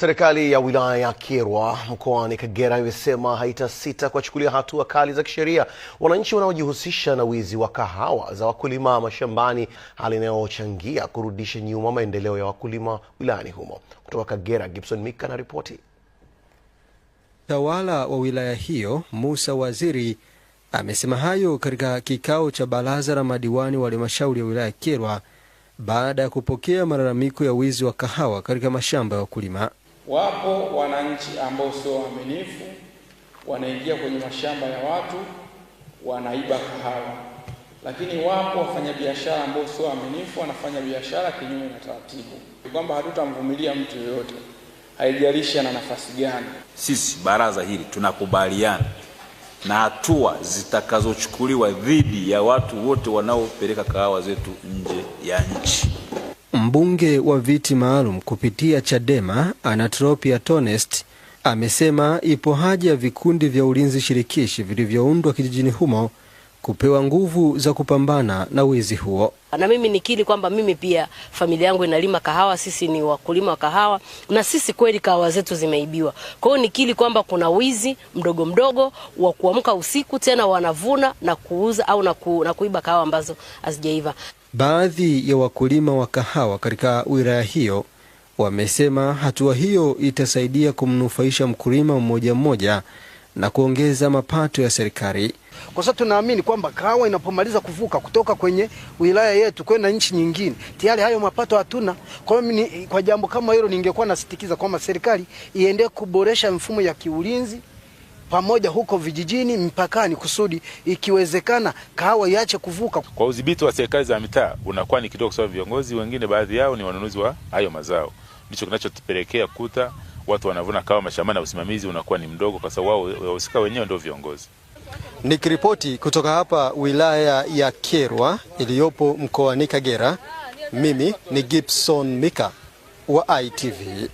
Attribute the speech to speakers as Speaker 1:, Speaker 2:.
Speaker 1: Serikali ya wilaya ya Kyerwa mkoani Kagera imesema haitasita kuwachukulia hatua kali za kisheria wananchi wanaojihusisha na wizi wa kahawa za wakulima mashambani, hali inayochangia kurudisha nyuma maendeleo ya wakulima wilayani humo. Kutoka Kagera, Gibson Mika na ripoti.
Speaker 2: Tawala wa wilaya hiyo Musa Waziri amesema hayo katika kikao cha baraza la madiwani wa halmashauri ya wilaya ya Kyerwa baada ya kupokea malalamiko ya wizi wa kahawa katika mashamba ya wakulima.
Speaker 3: Wapo wananchi ambao sio waaminifu, wanaingia kwenye mashamba ya watu wanaiba kahawa, lakini wapo wafanyabiashara ambao sio waaminifu, wanafanya biashara kinyume na taratibu. Ni kwamba hatutamvumilia mtu yoyote, haijalishi ana nafasi gani.
Speaker 4: Sisi baraza hili tunakubaliana na hatua zitakazochukuliwa dhidi ya watu wote wanaopeleka kahawa zetu nje ya nchi.
Speaker 2: Mbunge wa viti maalum kupitia Chadema Anatropia Tonest amesema ipo haja ya vikundi vya ulinzi shirikishi vilivyoundwa kijijini humo kupewa nguvu za kupambana na wizi huo.
Speaker 5: Na mimi nikiri kwamba mimi pia familia yangu inalima kahawa, sisi ni wakulima wa kahawa, na sisi kweli kahawa zetu zimeibiwa. Kwa hiyo nikiri kwamba kuna wizi mdogo mdogo wa kuamka usiku, tena wanavuna na kuuza au na, ku, na kuiba kahawa ambazo hazijaiva.
Speaker 2: Baadhi ya wakulima wa kahawa katika wilaya hiyo wamesema hatua hiyo itasaidia kumnufaisha mkulima mmoja mmoja na kuongeza mapato ya serikali.
Speaker 6: Kwa sasa tunaamini kwamba kahawa inapomaliza kuvuka kutoka kwenye wilaya yetu kwenda nchi nyingine, tayari hayo mapato hatuna. Kwa hiyo kwa jambo kama hilo, ningekuwa nasitikiza kwamba serikali iendelee kuboresha mfumo ya kiulinzi pamoja huko vijijini mpakani, kusudi ikiwezekana kahawa iache kuvuka.
Speaker 7: Kwa udhibiti wa serikali za mitaa unakuwa ni kidogo, kwa sababu viongozi wengine baadhi yao ni wanunuzi wa hayo mazao, ndicho kinachotupelekea kuta watu wanavuna kahawa mashambani na usimamizi unakuwa ni mdogo, kwa sababu wao wahusika wenyewe ndio viongozi.
Speaker 1: Nikiripoti kutoka hapa wilaya ya Kyerwa iliyopo mkoani Kagera, mimi ni Gibson Mika wa ITV.